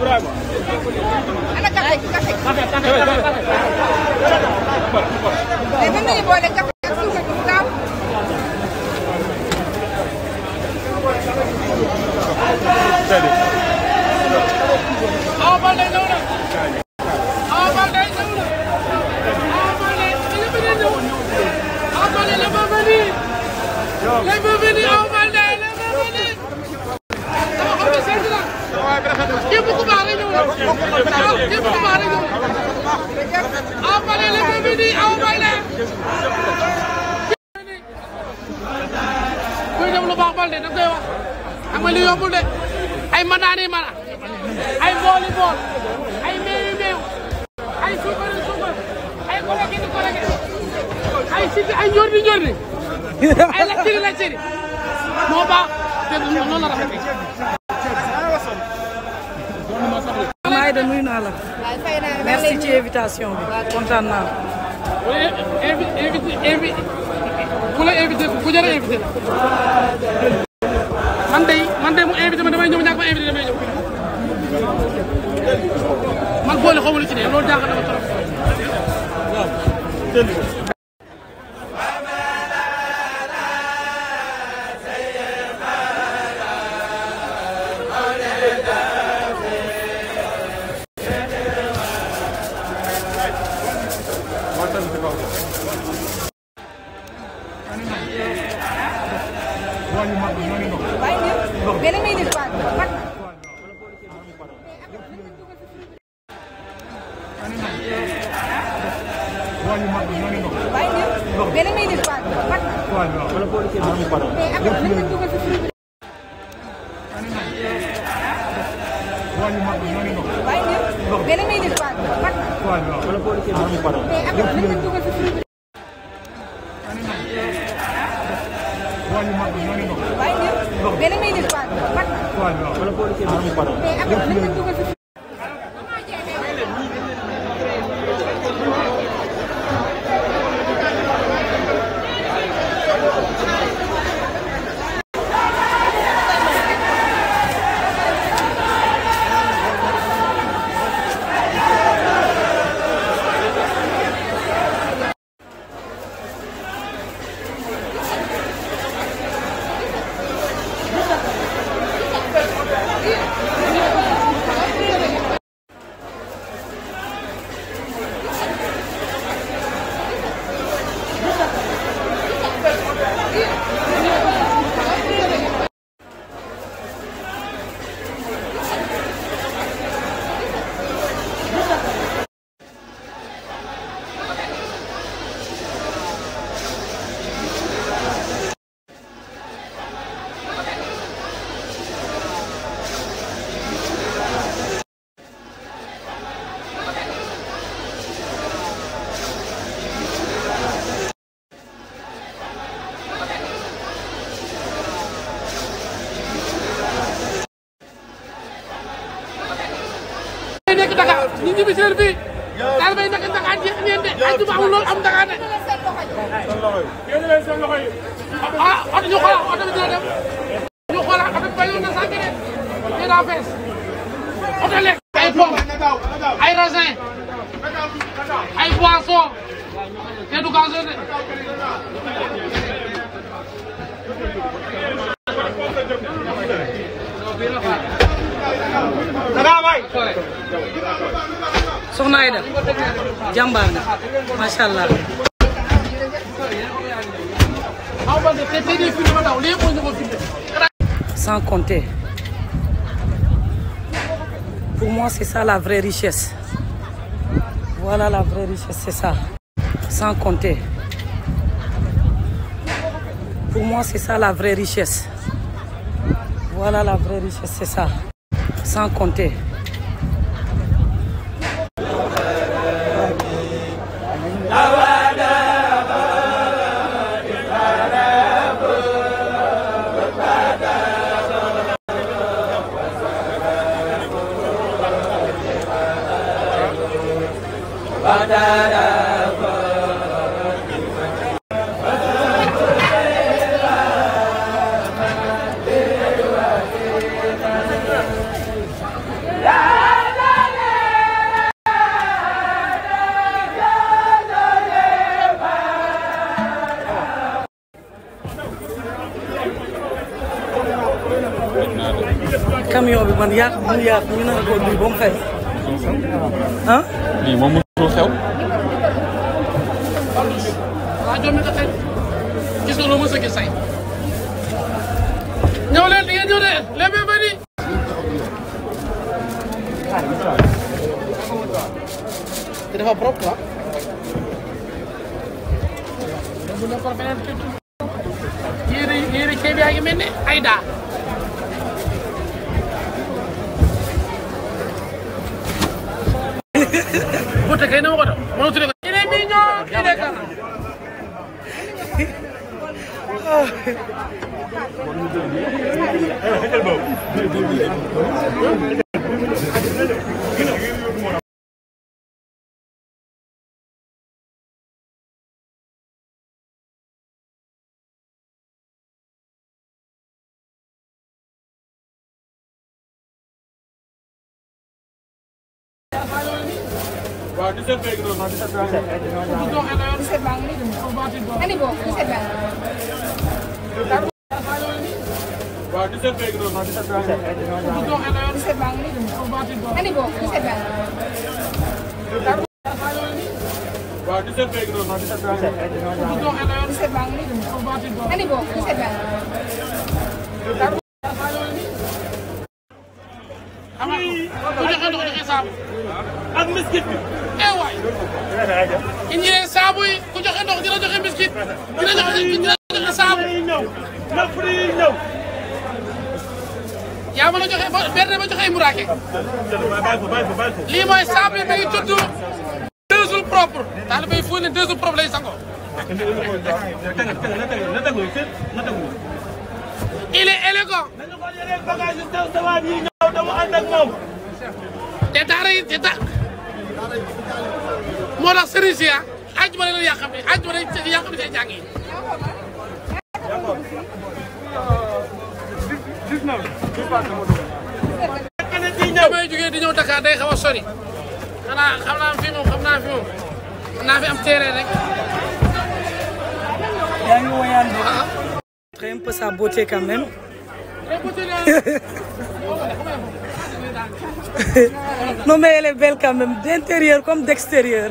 Let me video. Diop Kouba la ñëw na Diop Kouba la ñëw na Ama Baldé la ko indi Ama Baldé kuy def lu baax Baldé da koy wax xam nga li yombul de ay madaani mana ay booli bool ay meewi meew ay suukari suukar ay kolegi di kolegi ay siti ay njordi njordi ay lacciri lacciri moo baax dégg nga noonu la rafetee Aïda nuyu naa la. merci ci invitation bi kontaan naa ku la invité ku jërë invité man day man day mu invité ma damay ñëw ñàkk ma invité damay ñëw man boole xaw ma lu ci ne loolu jaaxal na ma trop Wala po ulit yung mga parang. beneen may nit quoi. dëkk bu amul loolu am Dakar de. ah oto ah, ñu xoolal oto bi dina dem. ñu xoolal oto bi bañoon na sànq de lii daa fees. oto lekk ay pom ay raisin ay poisson te du gazon de. jàmbaar nga macha allah. sans compter pour moi c'est ça la vraie richesse voilà la vraie richesse c'est ça sans compter pour moi c'est ça la vraie richesse voilà la vraie richesse c'est ça sans compter amul yaaf ñu naan ko duy ba mu fees. ah. lii moom mënul xew. waaw jom ko tey gis nga loo mos a gis say. ñëw leen di ngeen ñëw de les bienvenus. te dafa propre ah. yéen a yéen a ceeb yaa ngi mel ne ay daa. Bote kay na ma ko def ma tuddee ko. il est mignon il est canon. Hello. waaw 17 beeg noonu. waaw 17 beeg noonu. bu doxee nawet 17 baa ngi nii. bu baax ci doon ani boobu 17 baa ngi. waaw 17 beeg noonu. waaw 17 beeg noonu. bu doxee nawet 17 baa ngi nii. bu baax ci doon ani boobu 17 baa ngi. waaw 17 beeg noonu. waaw 17 beeg noonu. bu doxee nawet 17 baa ngi nii. bu baax ci doon ani boobu 17 baa ngi. am na ku joxe ndox joxe saabu ak mesquite bi. ñu ñëwee saabu ku joxe ndox dina joxe biskit dina joxe dina joxe saabu. yaa mën a joxe benn ba joxe ay muraake. lii mooy saabu yi day tudd deux jours propre. taalibe yi fu ne deux jours sango. il est élégant. moo tax sëriñ si ah àjjuma la yaa xam ne àjjuma la yaa xam ne day jàng yi. damay jógee di ñëw Dakar day xaw a sori xanaa xam naa fi moom xam naa fi moom naa fi am téere rek. yaa ngi woyaan bi. Ah. un peu sa beauté quand même. Eh, non mais elle est belle quand même d'intérieur comme d'extérieur.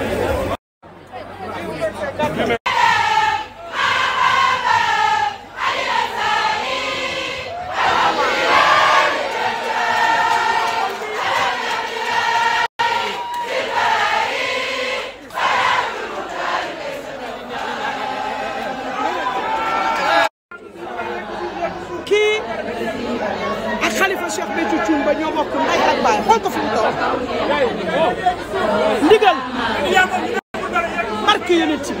barke yonent bi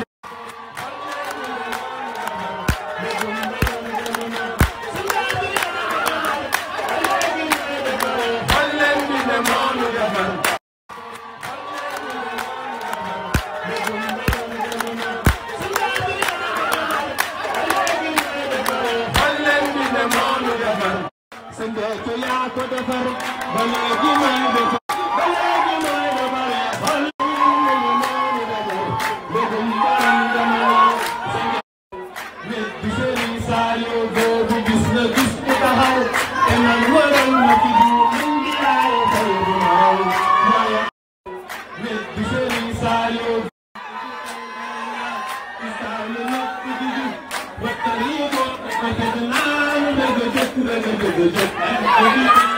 Mbéthio yaa ko defar balaa gi may defar balaa gi may defar xol yi nañu noonu daje mbégum baram dama naan sa ngeen nit di Sëriñ Saliou boobu gis na gis bu taxaw te man waral ma fi du mun di laaye tey bu ma raw mooy nit di Sëriñ Saliou boobu gis na gis bu taxaw te man waral ma fi du mun di laaye tey bu ma raw mooy nit di Sëriñ Saliou boobu gis na gis bu taxaw te man waral ma fi du mun di laaye tey bu ma raw mooy Thank you.